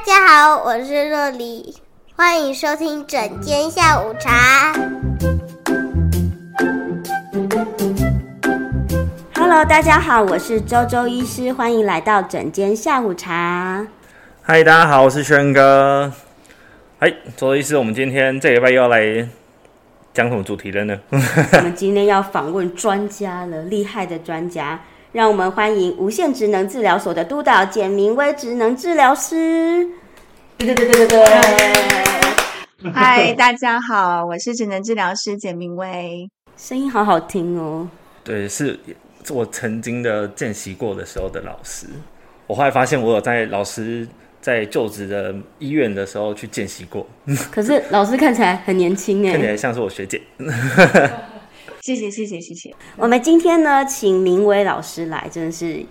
大家好，我是若黎，歡迎收聽診間下午茶。Hello，大家好，我是周周醫師，歡迎來到診間下午茶。嗨，大家好，我是軒哥。嗨，周周醫師，我們今天這禮拜又要來講什麼主題的呢？ 我們今天要訪問專家了，厲害的專家。讓我們歡迎無限職能治療所的督導簡明薇職能治療師。對對對對對對。嘿嘿嘿，嗨，大家好，我是職能治療師簡明薇，聲音好好聽哦。對，是，是我曾經的見習過的時候的老師。我後來發現，我有在老師在就職的醫院的時候去見習過。可是老師看起來很年輕耶。看起來像是我學姐。 謝謝謝謝謝謝。謝謝謝謝我們今天呢，請明薇老師來，真的是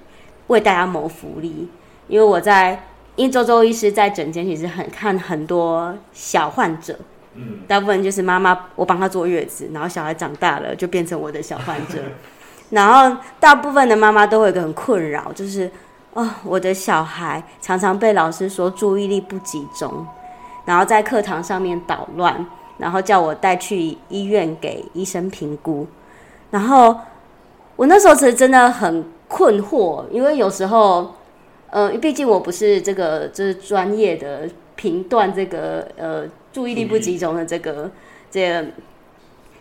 為大家謀福利。因為我在，因為周周醫師在診間其實很看很多小患者，嗯、大部分就是媽媽，我幫她坐月子，然後小孩長大了就變成我的小患者。 然後大部分的媽媽都會有個很困擾，就是哦，我的小孩常常被老師說注意力不集中，然後在課堂上面搗亂，然後叫我帶去醫院給醫生評估。然後，我那時候其實真的很困惑，因為有時候，呃，畢竟我不是這個就是專業的評斷這個呃注意力不集中的這個這個、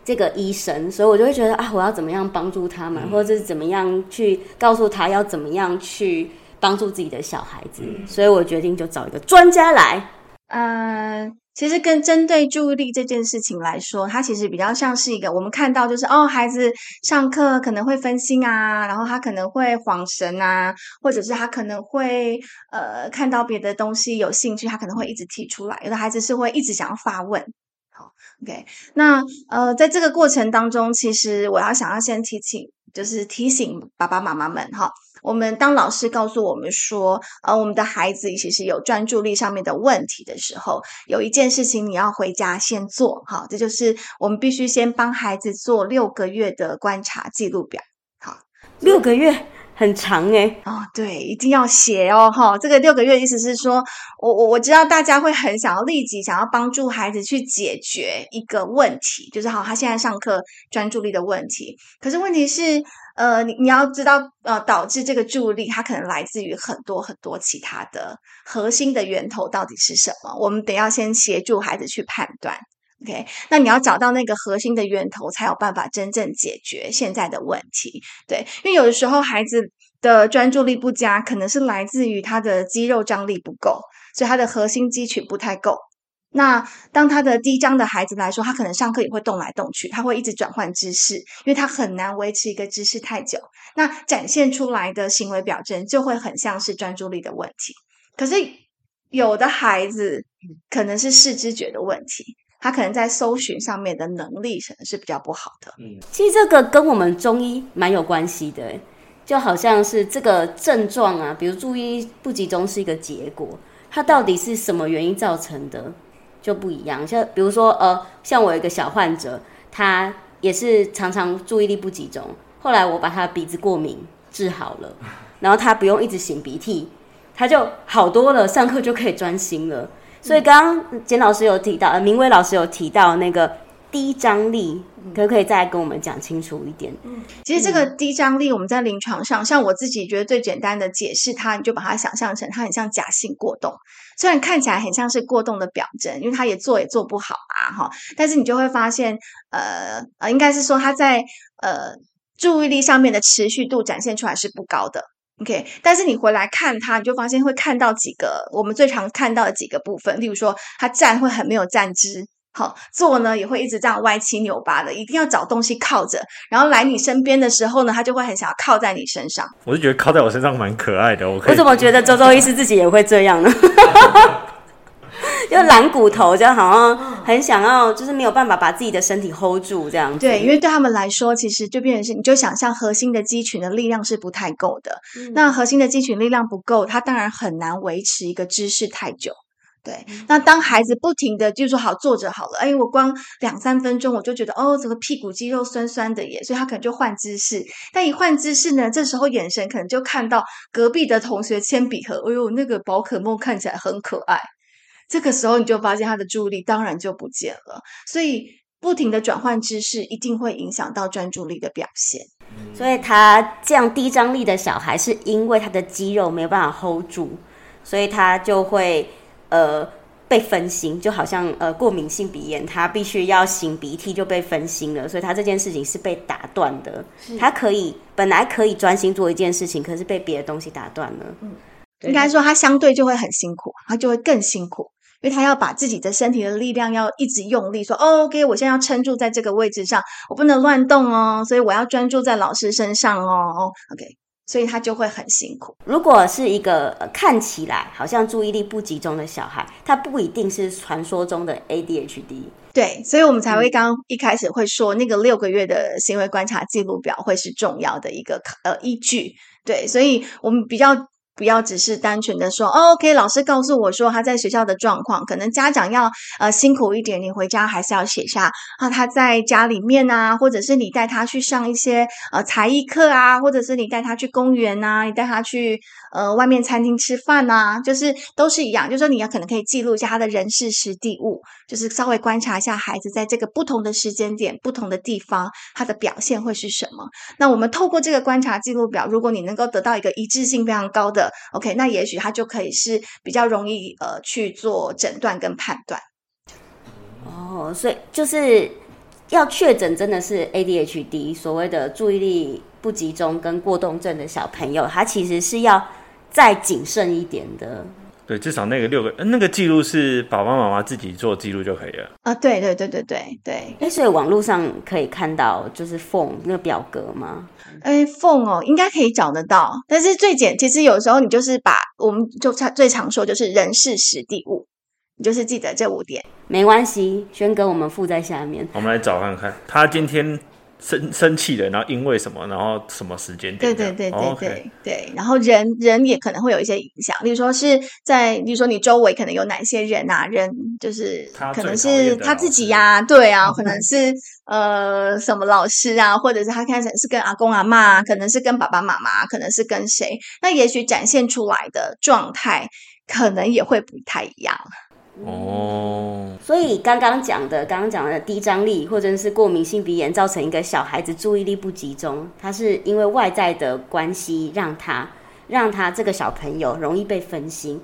這個醫生，所以我就會覺得啊，我要怎麼樣幫助他們，或者是怎麼樣去告訴他要怎麼樣去幫助自己的小孩子，所以我決定就找一個專家來，嗯。其實跟針對注意力這件事情來說，它其實比較像是一個我們看到就是哦，孩子上課可能會分心啊，然後他可能會恍神啊，或者是他可能會呃看到別的東西有興趣，他可能會一直提出來。有的孩子是會一直想要發問。好，OK，那呃，在這個過程當中，其實我要想要先提醒，就是提醒爸爸媽媽們哈。哦我們當老師告訴我們說，呃，我們的孩子其實有專注力上面的問題的時候，有一件事情你要回家先做，哈，這就是我們必須先幫孩子做六個月的觀察記錄表，好，六個月很長誒。哦，對，一定要寫哦，哈、哦，這個六個月意思是說，我我我知道大家會很想要立即想要幫助孩子去解決一個問題，就是好，他現在上課專注力的問題，可是問題是。呃，你你要知道，呃，導致這個助力，它可能來自於很多很多其他的核心的源頭，到底是什麼？我們得要先協助孩子去判斷，OK？那你要找到那個核心的源頭，才有辦法真正解決現在的問題，對？因為有的時候孩子的專注力不佳，可能是來自於他的肌肉張力不夠，所以他的核心肌群不太夠。那當他的低張的孩子來說，他可能上課也會動來動去，他會一直轉換姿勢，因為他很難維持一個姿勢太久。那展現出來的行為表徵就會很像是專注力的問題。可是有的孩子可能是視知覺的問題，他可能在搜尋上面的能力可能是比較不好的。其實這個跟我們中醫蠻有關係的，就好像是這個症狀啊，比如注意不集中是一個結果，它到底是什麼原因造成的？就不一樣，像比如說，呃，像我有一個小患者，他也是常常注意力不集中。後來我把他鼻子過敏治好了，然後他不用一直擤鼻涕，他就好多了，上課就可以專心了。所以剛剛簡老師有提到，嗯呃、明薇老師有提到那個。低張力你可不可以再跟我們講清楚一點？嗯，其實這個低張力，我們在臨床上，像我自己覺得最簡單的解釋它，它你就把它想象成它很像假性過動，雖然看起來很像是過動的表徵，因為它也做也做不好啊，哈。但是你就會發現，呃，啊、呃，應該是說他在呃注意力上面的持續度展現出來是不高的。OK，但是你回來看他，你就發現會看到幾個我們最常看到的幾個部分，例如說他站會很沒有站姿。好坐呢，也會一直這樣歪七扭八的，一定要找東西靠着。然後來你身邊的時候呢，他就會很想要靠在你身上。我是覺得靠在我身上蠻可愛的。我可我怎麼覺得周周醫師自己也會這樣呢？哈哈哈！因為懶骨頭，就好像很想要，就是沒有辦法把自己的身體 hold 住這樣子。對，因為對他們來說，其實就變成是你就想象核心的肌群的力量是不太夠的。嗯、那核心的肌群力量不夠，他當然很難維持一個姿勢太久。對，那當孩子不停的就說好坐着好了，哎，我光兩三分鐘我就覺得哦，怎麼屁股肌肉酸酸的耶？所以他可能就換姿勢，但一換姿勢呢，這時候眼神可能就看到隔壁的同學鉛筆盒，哎呦，那個寶可夢看起來很可愛，這個時候你就發現他的注意力當然就不見了，所以不停的轉換姿勢一定會影響到專注力的表現。所以，他這樣低張力的小孩是因為他的肌肉沒有辦法 hold 住，所以他就會。呃，被分心，就好像呃，過敏性鼻炎，他必須要擤鼻涕就被分心了，所以他這件事情是被打斷的。是他可以本來可以專心做一件事情，可是被別的東西打斷了。嗯，應該說他相對就會很辛苦，他就會更辛苦，因為他要把自己的身體的力量要一直用力，說，哦，OK，我現在要撐住在這個位置上，我不能亂動哦，所以我要專注在老師身上哦，OK。所以他就會很辛苦。如果是一個、呃、看起來好像注意力不集中的小孩，他不一定是傳說中的 ADHD。對，所以我們才會剛一開始會說那個六個月的行為觀察記錄表會是重要的一個呃依據。對，所以我們比較。不要只是單純的說，哦，OK，老師告訴我說他在學校的狀況，可能家長要呃辛苦一點，你回家還是要寫下啊，他在家裡面啊，或者是你帶他去上一些呃才藝課啊，或者是你帶他去公園啊，你帶他去呃外面餐廳吃飯啊，就是都是一樣，就是說你要可能可以記錄一下他的人事時地物，就是稍微觀察一下孩子在這個不同的時間點、不同的地方，他的表現會是什麼。那我們透過這個觀察記錄表，如果你能夠得到一個一致性非常高的。OK，那也許他就可以是比較容易呃去做診斷跟判斷。哦，所以就是要確診真的是 ADHD，所謂的注意力不集中跟過動症的小朋友，他其實是要再謹慎一點的。對，至少那個六個，那個記錄是爸爸媽媽自己做記錄就可以了啊、哦！對對對對對對，哎，所以網絡上可以看到就是 form 那個表格嗎？哎，form 哦，應該可以找得到。但是最簡，其實有時候你就是把我們就常最常說就是人事時地物，你就是記得這五點，沒關係。軒哥，我們附在下面，我們來找看看他今天，生生氣的，然後因為什麼，然後什麼時間點？對對對對對對。Okay. 對然後人人也可能會有一些影響，例如說是在，例如說你周圍可能有哪些人啊？人就是，可能是他自己呀、啊，對啊，可能是呃什麼老師啊，或者是他開始是跟阿公阿嬤，可能是跟爸爸媽媽，可能是跟誰？那也許展現出來的狀態，可能也會不太一樣。哦、嗯，所以剛剛講的，剛剛講的低張力或者是過敏性鼻炎，造成一個小孩子注意力不集中，他是因為外在的關係，讓他讓他這個小朋友容易被分心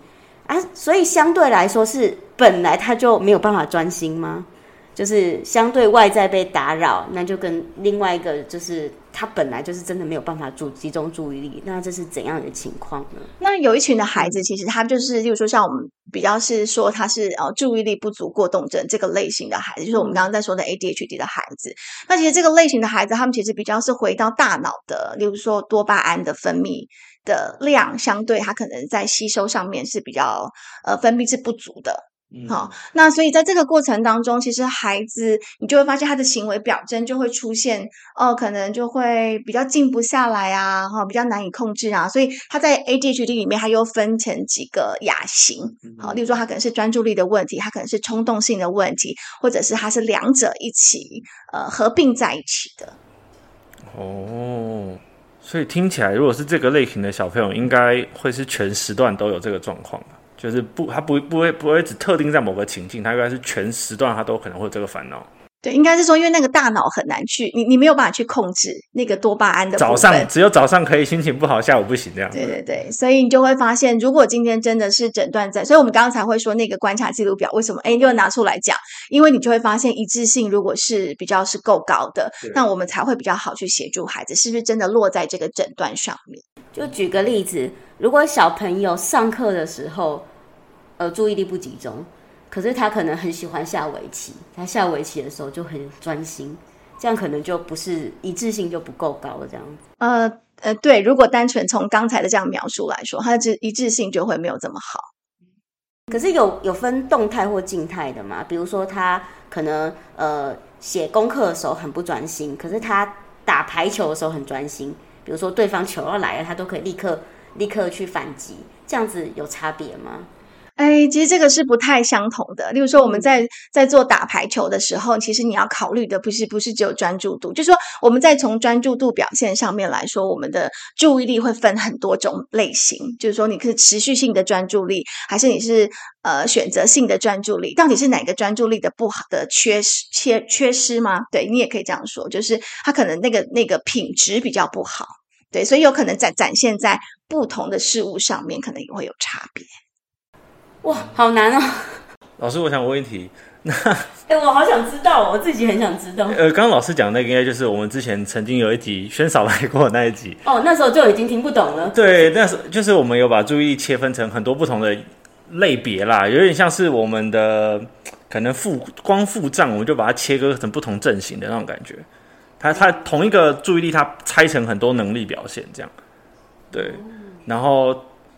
啊，所以相對來說是本來他就沒有辦法專心嗎？就是相對外在被打擾，那就跟另外一個就是他本來就是真的沒有辦法注集中注意力，那這是怎樣的情況呢？那有一群的孩子，其實他們就是，例如說像我們比較是說他是呃注意力不足過動症這個類型的孩子，就是我們剛剛在說的 ADHD 的孩子。那其實這個類型的孩子，他們其實比較是回到大腦的，例如說多巴胺的分泌的量相對他可能在吸收上面是比較呃分泌是不足的。嗯、好，那所以在這個過程當中，其實孩子你就會發現他的行為表徵就會出現哦、呃，可能就會比較靜不下來啊，哈，比較難以控制啊。所以他在 ADHD 裡面，它又分成幾個亞型，好，例如說他可能是專注力的問題，他可能是衝動性的問題，或者是他是兩者一起呃合併在一起的。哦，所以聽起來，如果是這個類型的小朋友，應該會是全時段都有這個狀況。就是不，他不會，不會不會只特定在某個情境，他應該是全時段他都可能會有這個煩惱。對，應該是說，因為那個大腦很難去，你你沒有辦法去控制那個多巴胺的。早上只有早上可以心情不好，下午不行這樣。對對對，所以你就會發現，如果今天真的是診斷在，所以我們剛剛才會說那個觀察記錄表為什麼哎、欸、又拿出來講，因為你就會發現一致性如果是比較是夠高的，對那我們才會比較好去協助孩子是不是真的落在這個診斷上面？就舉個例子，如果小朋友上課的時候。呃，注意力不集中，可是他可能很喜歡下圍棋。他下圍棋的時候就很專心，這樣可能就不是一致性就不夠高了。這樣子，呃呃，對，如果單純從剛才的這樣描述來說，他就一致性就會沒有這麼好。可是有有分動態或靜態的嗎？比如說他可能呃寫功課的時候很不專心，可是他打排球的時候很專心。比如說對方球要來了，他都可以立刻立刻去反擊，這樣子有差別嗎？哎，其實這個是不太相同的。例如說，我們在在做打排球的時候，其實你要考慮的不是不是只有專注度。就是說，我們在從專注度表現上面來說，我們的注意力會分很多種類型。就是說，你是持續性的專注力，還是你是呃選擇性的專注力？到底是哪個專注力的不好的缺失缺缺失嗎？對，你也可以這樣說，就是他可能那個那個品質比較不好。對，所以有可能展展現在不同的事物上面，可能也會有差別。哇，好難哦！老師，我想問一題。那哎、欸，我好想知道，哦，我自己很想知道。呃，剛剛老師講的那個應該就是我們之前曾經有一集軒嫂來過的那一集。哦，那時候就已經聽不懂了。對，那時就是我們有把注意力切分成很多不同的類別啦，有點像是我們的可能負光負賬，我們就把它切割成不同陣型的那種感覺。它它同一個注意力，它拆成很多能力表現，這樣對，嗯、然後。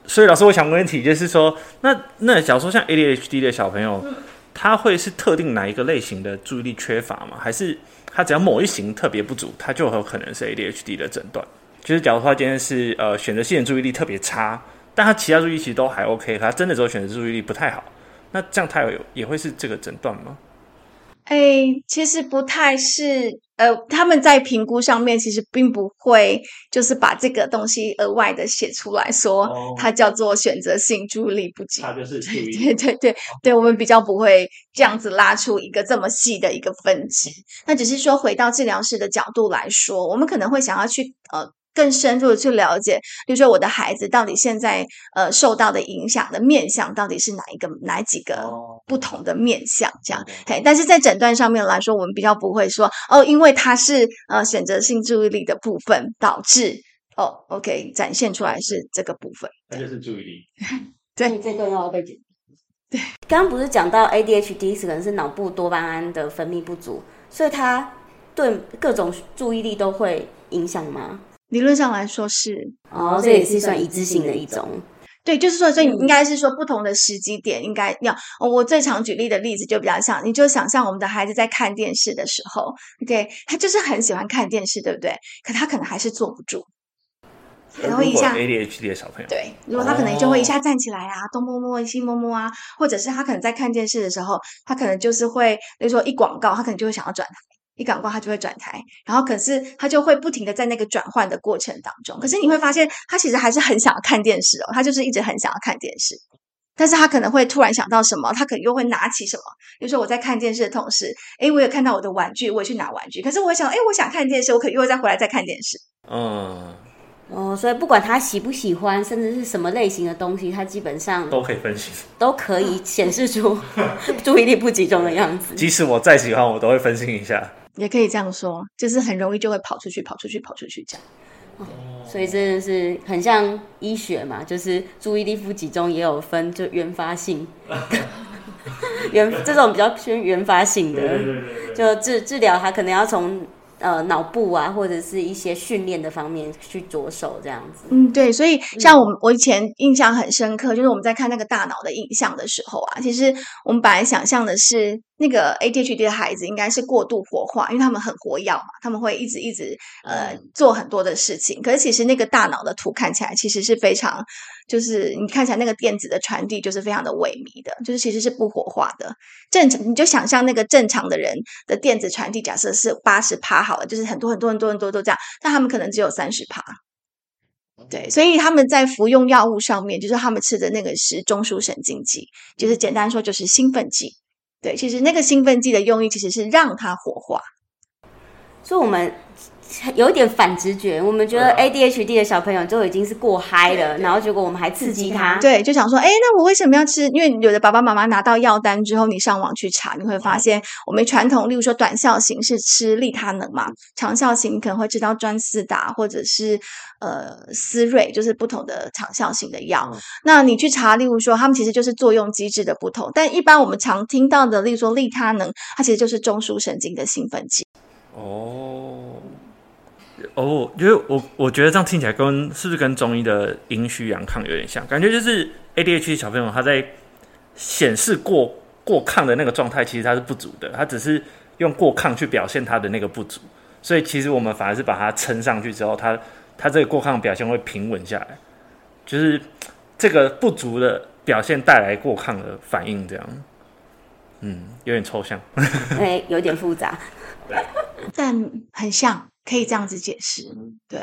所以老師，我想問問題就是說，那那假如說像 ADHD 的小朋友，他會是特定哪一個類型的注意力缺乏嗎？還是他只要某一型特別不足，他就有可能是 ADHD 的診斷？其實假如說他今天是呃選擇性的注意力特別差，但他其他注意力其實都還 OK，他真的只有選擇注意力不太好，那這樣他有也會是這個診斷嗎？欸，其實不太是。呃，他們在評估上面其實並不會，就是把這個東西額外的寫出來說，哦、它叫做選擇性注意力不集中，對對對、哦、對我們比較不會這樣子拉出一個這麼細的一個分級。那只是說，回到治療師的角度來說，我們可能會想要去呃。更深入的去了解，例如說我的孩子到底現在呃受到的影響的面向到底是哪一個，哪幾個不同的面向這樣嘿。但是在診斷上面來說，我們比較不會說哦，因為他是呃選擇性注意力的部分導致哦，OK 展現出來是這個部分，那就是注意力。 對，這個要背景對，剛剛不是講到 ADHD 是可能是腦部多巴胺的分泌不足，所以它對各種注意力都會影響嗎？理論上來說是哦，這、oh, 對也是算一致性的一種。對，就是說，所以你應該是說，不同的時機點應該要、哦。我最常舉例的例子就比較像，你就想象我們的孩子在看電視的時候，對，他就是很喜歡看電視，對不對？可他可能還是坐不住，可能會一下 ADHD 的小朋友，對，如果他可能就會一下站起來啊，東摸摸西摸摸啊，或者是他可能在看電視的時候，他可能就是會，比如說一廣告，他可能就會想要轉。一廣告，他就會轉台，然後可是他就會不停的在那個轉換的過程當中，可是你會發現他其實還是很想要看電視哦，他就是一直很想要看電視，但是他可能會突然想到什麼，他可能又會拿起什麼。比如說我在看電視的同時，哎，我有看到我的玩具，我也去拿玩具，可是我想，哎，我想看電視，我可能又會再回來再看電視。嗯，哦，所以不管他喜不喜歡，甚至是什麼類型的東西，他基本上都可以分心，都可以顯示出注意力不集中的樣子。嗯，即使我再喜歡，我都會分心一下。也可以這樣說，就是很容易就會跑出去，跑出去，跑出去這樣。Oh. 所以真的是很像醫學嘛，就是注意力不集中也有分，就原發性， 原這種比較偏原發性的，對對對，就治治療它可能要從呃腦部啊，或者是一些訓練的方面去着手這樣子。嗯，對，所以像我們、嗯、我以前印象很深刻，就是我們在看那個大腦的影像的時候啊，其實我們本來想象的是。那個 ADHD 的孩子應該是過度活化，因為他們很活躍嘛，他們會一直一直呃做很多的事情。可是其實那個大腦的圖看起來其實是非常，就是你看起來那個電子的傳遞就是非常的萎靡的，就是其實是不活化的。正常你就想象那個正常的人的電子傳遞，假設是八十趴好了，就是很多很多很多很多都這樣，但他們可能只有三十趴。對，所以他們在服用藥物上面，就是他們吃的那個是中樞神經劑，就是簡單說就是興奮劑。對，其實那個興奮劑的用意其實是讓它活化。所以我們有一點反直覺，我們覺得 ADHD 的小朋友之後已經是過嗨了，對對，然後結果我們還刺激他，對，對，就想說，哎，那我為什麼要吃？因為有的爸爸媽媽拿到藥單之後，你上網去查，你會發現，我們傳統，例如說短效型是吃利他能嘛，長效型可能會吃到專思達或者是呃思銳，就是不同的長效型的藥。嗯，那你去查，例如說，他們其實就是作用機制的不同，但一般我們常聽到的，例如說利他能，它其實就是中樞神經的興奮劑。哦，哦，就是我，我覺得這樣聽起來跟是不是跟中醫的陰虛陽亢有點像？感覺就是 ADHD 小朋友他在顯示過過亢的那個狀態，其實他是不足的，他只是用過亢去表現他的那個不足。所以其實我們反而是把它撐上去之後，他他這個過亢表現會平穩下來，就是這個不足的表現帶來過亢的反應，這樣。嗯，有點抽象，對，okay, 有點複雜。 但很像，可以這樣子解釋。對，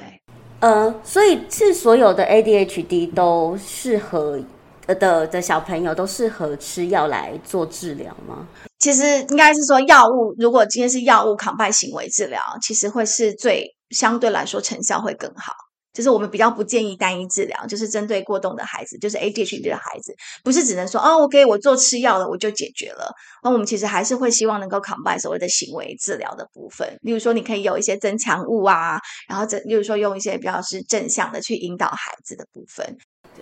呃，所以是所有的 ADHD 都適合的的，的小朋友都適合吃藥來做治療嗎？其實應該是說，藥物如果今天是藥物抗敗行為治療，其實會是最相對來說成效會更好。就是我們比較不建議單一治療，就是針對過動的孩子，就是 ADHD 的孩子，不是只能說哦，我可以我做吃藥了，我就解決了。那我們其實還是會希望能夠 combine 所謂的行為治療的部分，例如說你可以有一些增強物啊，然後這例如說用一些比較是正向的去引導孩子的部分。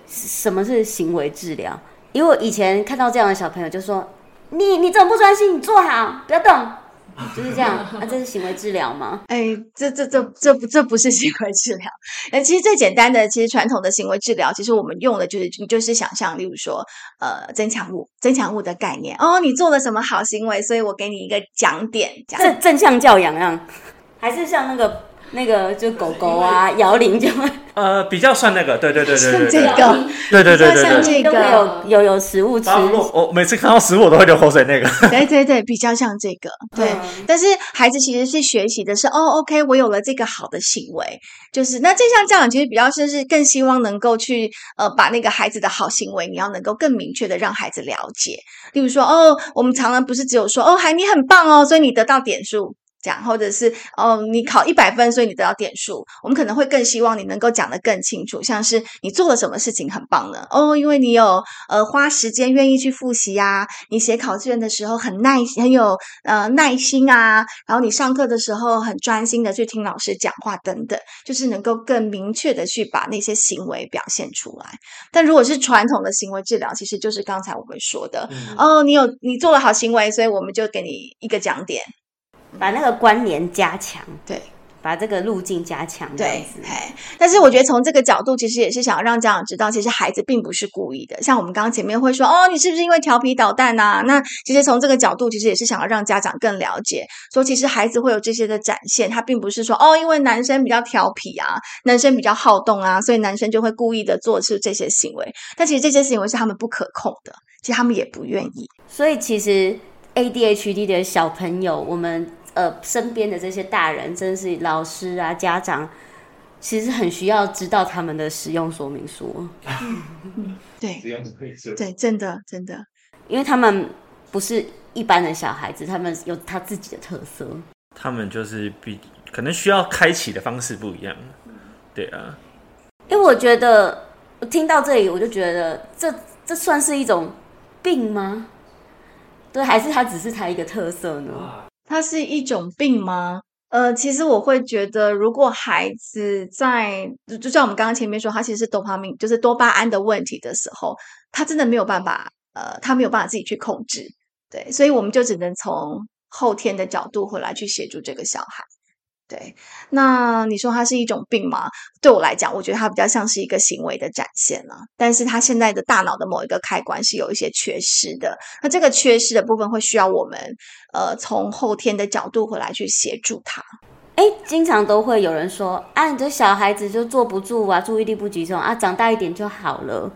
什麼是行為治療？因為我以前看到這樣的小朋友，就說你你怎麼不專心？你坐好，不要動。就是這樣啊，這是行為治療嗎？哎，這這這這不這不是行為治療。那其實最簡單的，其實傳統的行為治療，其實我們用的就是就是想象，例如說，呃，增強物，增強物的概念。哦，你做了什麼好行為，所以我給你一個獎點，正正向教養啊，還是像那個。那個就狗狗啊，搖鈴、嗯、就呃，比較算那個，對對對對，對像這個，啊、對對對對對，比較像這個、都有有有食物吃。哦、啊，我每次看到食物，我都會流口水。那個，對對對，比較像這個，對。嗯、但是孩子其實是學習的是，哦，OK，我有了這個好的行為，就是那就這項教養其實比較是是更希望能夠去呃，把那個孩子的好行為，你要能夠更明確的讓孩子了解。例如說，哦，我們常常不是只有說，哦，嗨、哎、你很棒哦，所以你得到點數。講，或者是哦，你考一百分，所以你得到點數。我們可能會更希望你能夠講得更清楚，像是你做了什麼事情很棒呢？哦，因為你有呃花時間願意去復習啊，你寫考卷的時候很耐很有呃耐心啊，然後你上課的時候很專心的去聽老師講話等等，就是能夠更明確的去把那些行為表現出來。但如果是傳統的行為治療，其實就是剛才我們說的、嗯、哦，你有你做了好行為，所以我們就給你一個獎點。把那個關聯加強，對，把這個路徑加強，對。哎，但是我覺得從這個角度，其實也是想要讓家長知道，其實孩子並不是故意的。像我們剛剛前面會說，哦，你是不是因為調皮搗蛋啊？那其實從這個角度，其實也是想要讓家長更了解，說其實孩子會有這些的展現，他並不是說哦，因為男生比較調皮啊，男生比較好動啊，所以男生就會故意的做出這些行為。但其實這些行為是他們不可控的，其實他們也不願意。所以其實 A D H D 的小朋友，我們呃，身邊的這些大人，真是老師啊、家長，其實很需要知道他們的使用說明書。嗯嗯、對，使用手冊。對，真的，真的，因為他們不是一般的小孩子，他們有他自己的特色。他們就是比可能需要開啟的方式不一樣。對啊，因為我覺得我聽到這裡，我就覺得這這算是一種病嗎？對，還是他只是他一個特色呢？它是一種病嗎？呃，其實我會覺得，如果孩子在，就就像我們剛剛前面說，他其實是多巴胺，就是多巴胺的問題的時候，他真的沒有辦法，呃，他沒有辦法自己去控制，對，所以我們就只能從後天的角度回來去協助這個小孩。對，那你說它是一種病嗎？對我來講，我覺得它比較像是一個行為的展現了、啊。但是它現在的大腦的某一個開關是有一些缺失的，那這個缺失的部分會需要我們呃從後天的角度回來去協助他。哎，經常都會有人說啊，你的小孩子就坐不住啊，注意力不集中啊，長大一點就好了。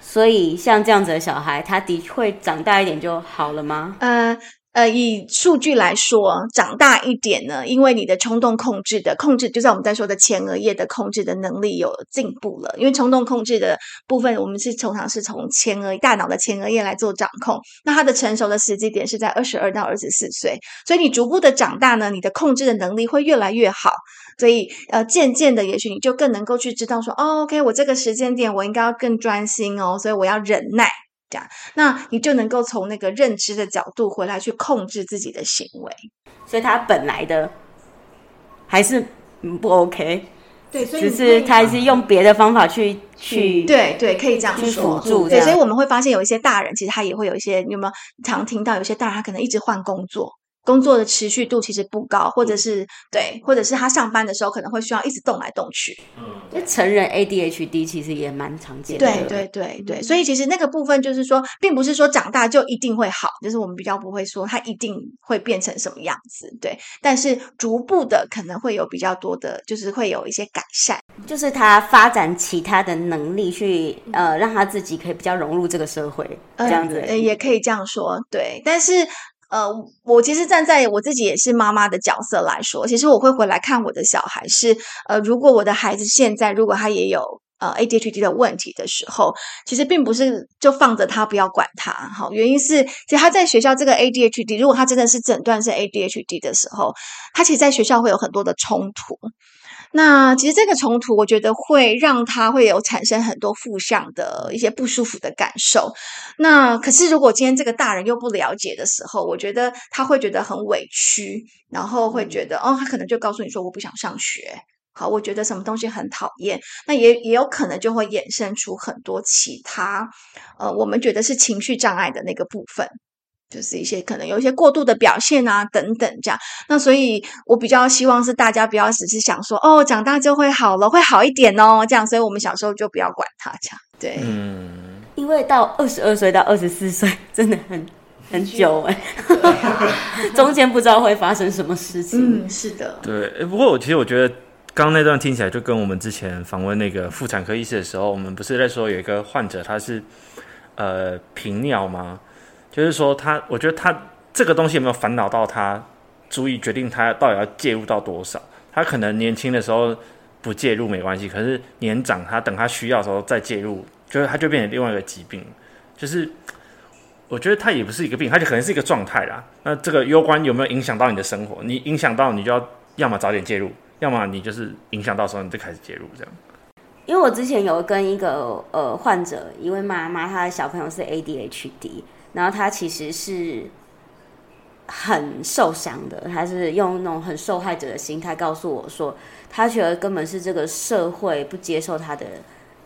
所以像這樣子的小孩，他的確會長大一點就好了嗎？嗯、呃。呃，以數據來說，長大一點呢，因為你的衝動控制的控制，就像我們在說的前額葉的控制的能力有進步了。因為衝動控制的部分，我們是通常是從前額大腦的前額葉來做掌控。那它的成熟的時機點是在二十二到二十四歲，所以你逐步的長大呢，你的控制的能力會越來越好。所以呃，漸漸的，也許你就更能夠去知道說，哦，OK，我這個時間點我應該要更專心哦，所以我要忍耐。這樣，那你就能夠從那個認知的角度回來去控制自己的行為，所以他本來的還是不 OK，對，所以，你可以只是他還是用別的方法去去，去對對，可以這樣去輔助。對，所以我們會發現有一些大人其實他也會有一些，你有沒有你常聽到有些大人他可能一直換工作。工作的持續度其實不高，或者是對，或者是他上班的時候可能會需要一直動來動去。嗯，成人 ADHD 其實也蠻常見的對。對對對對，對對嗯、所以其實那個部分就是說，並不是說長大就一定會好，就是我們比較不會說他一定會變成什麼樣子。對，但是逐步的可能會有比較多的，就是會有一些改善，就是他發展其他的能力去呃，讓他自己可以比較融入這個社會這樣子、呃呃，也可以這樣說。對，但是。呃，我其實站在我自己也是媽媽的角色來說，其實我會回來看我的小孩是，呃，如果我的孩子現在如果他也有呃 ADHD 的問題的時候，其實並不是就放着他不要管他，好，原因是其實他在學校這個 ADHD，如果他真的是診斷是 ADHD 的時候，他其實在學校會有很多的衝突。那其實這個衝突，我覺得會讓他會有產生很多負向的一些不舒服的感受。那可是如果今天這個大人又不了解的時候，我覺得他會覺得很委屈，然後會覺得哦，他可能就告訴你說我不想上學，好，我覺得什麼東西很討厭。那也也有可能就會衍生出很多其他，呃，我們覺得是情緒障礙的那個部分。就是一些可能有一些過度的表現啊，等等這樣。那所以，我比較希望是大家不要只是想說哦，長大就會好了，會好一點哦，這樣。所以我們小時候就不要管他，這樣。對，嗯。因為到二十二歲到二十四歲，真的很很久哎，對 中間不知道會發生什麼事情。嗯，是的，對。哎，不過我其實我覺得，剛剛那段聽起來就跟我們之前訪問那個婦產科醫師的時候，我們不是在說有一個患者他是呃頻尿嗎？就是說，他我覺得他這個東西有沒有煩惱到他，足以決定他到底要介入到多少。他可能年輕的時候不介入沒關係，可是年長他等他需要的時候再介入，就是他就變成另外一個疾病。就是我覺得他也不是一個病，他就可能是一個狀態啦。那這個攸關有沒有影響到你的生活？你影響到，你就要要麼早點介入，要麼你就是影響到的時候你就開始介入這樣。因為我之前有跟一個呃患者，一位媽媽，她的小朋友是 A D H D，然後他其實是很受傷的，他是用那種很受害者的心態告訴我說，他覺得根本是這個社會不接受他的，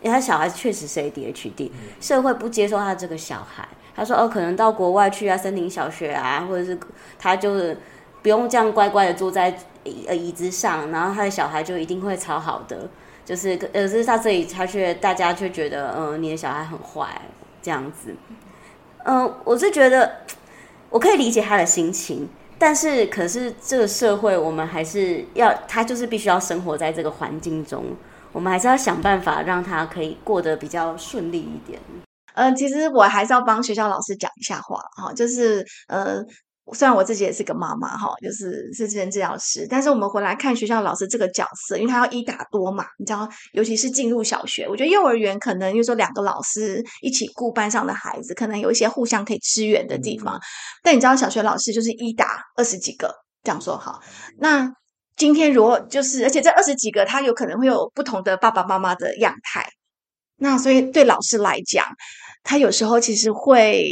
因為他小孩確實是 ADHD，社會不接受他這個小孩。他說哦，可能到國外去啊，森林小學啊，或者是他就是不用這樣乖乖的坐在椅子上，然後他的小孩就一定會超好的。就是可是他這裡，他卻大家卻覺得，嗯、呃，你的小孩很壞這樣子。嗯、呃，我是覺得我可以理解他的心情，但是可是這個社會，我們還是要他就是必須要生活在這個環境中，我們還是要想辦法讓他可以過得比較順利一點。呃，其實我還是要幫學校老師講一下話哈，就是呃。雖然我自己也是個媽媽哈，就是是職能治療師，但是我們回來看學校老師這個角色，因為他要一打多嘛，你知道，尤其是進入小學，我覺得幼兒園可能就說兩個老師一起顧班上的孩子，可能有一些互相可以支援的地方。嗯、但你知道，小學老師就是一打二十幾個，這樣說哈。那今天如果就是，而且這二十幾個他有可能會有不同的爸爸媽媽的樣態，那所以對老師來講，他有時候其實會。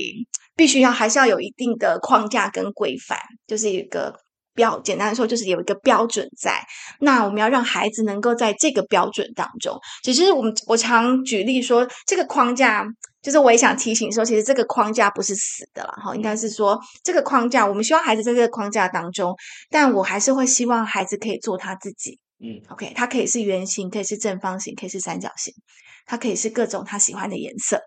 必須要還是要有一定的框架跟規範，就是一個標。簡單說，就是有一個標準在。那我們要讓孩子能夠在這個標準當中。其實我們我常舉例說，這個框架就是我也想提醒說，其實這個框架不是死的啦，齁，應該是說這個框架，我們希望孩子在這個框架當中。但我還是會希望孩子可以做他自己。嗯，OK，它可以是圓形，可以是正方形，可以是三角形，它可以是各種他喜歡的顏色。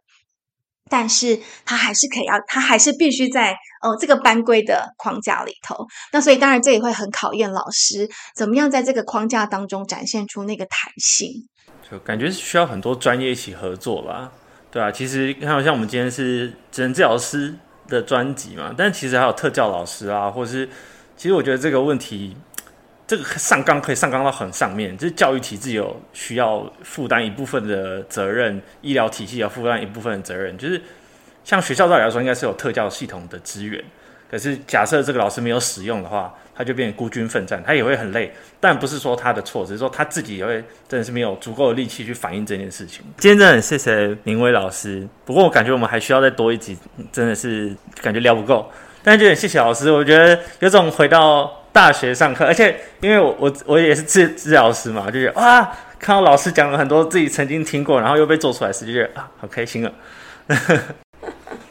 但是他還是可以要，他還是必須在哦、呃、這個班規的框架裡頭。那所以當然這也會很考驗老師，怎麼樣在這個框架當中展現出那個彈性。就感覺是需要很多專業一起合作吧。對啊，其實你看，像我們今天是職能治療師的專輯嘛，但其實還有特教老師啊，或是其實我覺得這個問題。這個上綱可以上綱到很上面，就是教育體制有需要負擔一部分的責任，醫療體系要負擔一部分的責任。就是像學校照理來說，應該是有特教系統的資源。可是假設這個老師沒有使用的話，他就變成孤軍奮戰，他也會很累。但不是說他的錯，只是說他自己也會真的是沒有足夠的力氣去反映這件事情。今天真的很謝謝明薇老師，不過我感覺我們還需要再多一集，真的是感覺聊不夠。但就謝謝老師，我覺得有種回到。大學上課，而且因為我我我也是治治療師嘛就覺得哇，看到老師講了很多自己曾經聽過，然後又被做出來事，就覺得啊，好開心啊。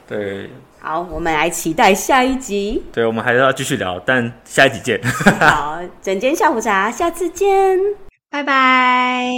對，好，我們來期待下一集。對，我們還是要繼續聊，但下一集見。 好，診間下午茶，下次見，拜拜。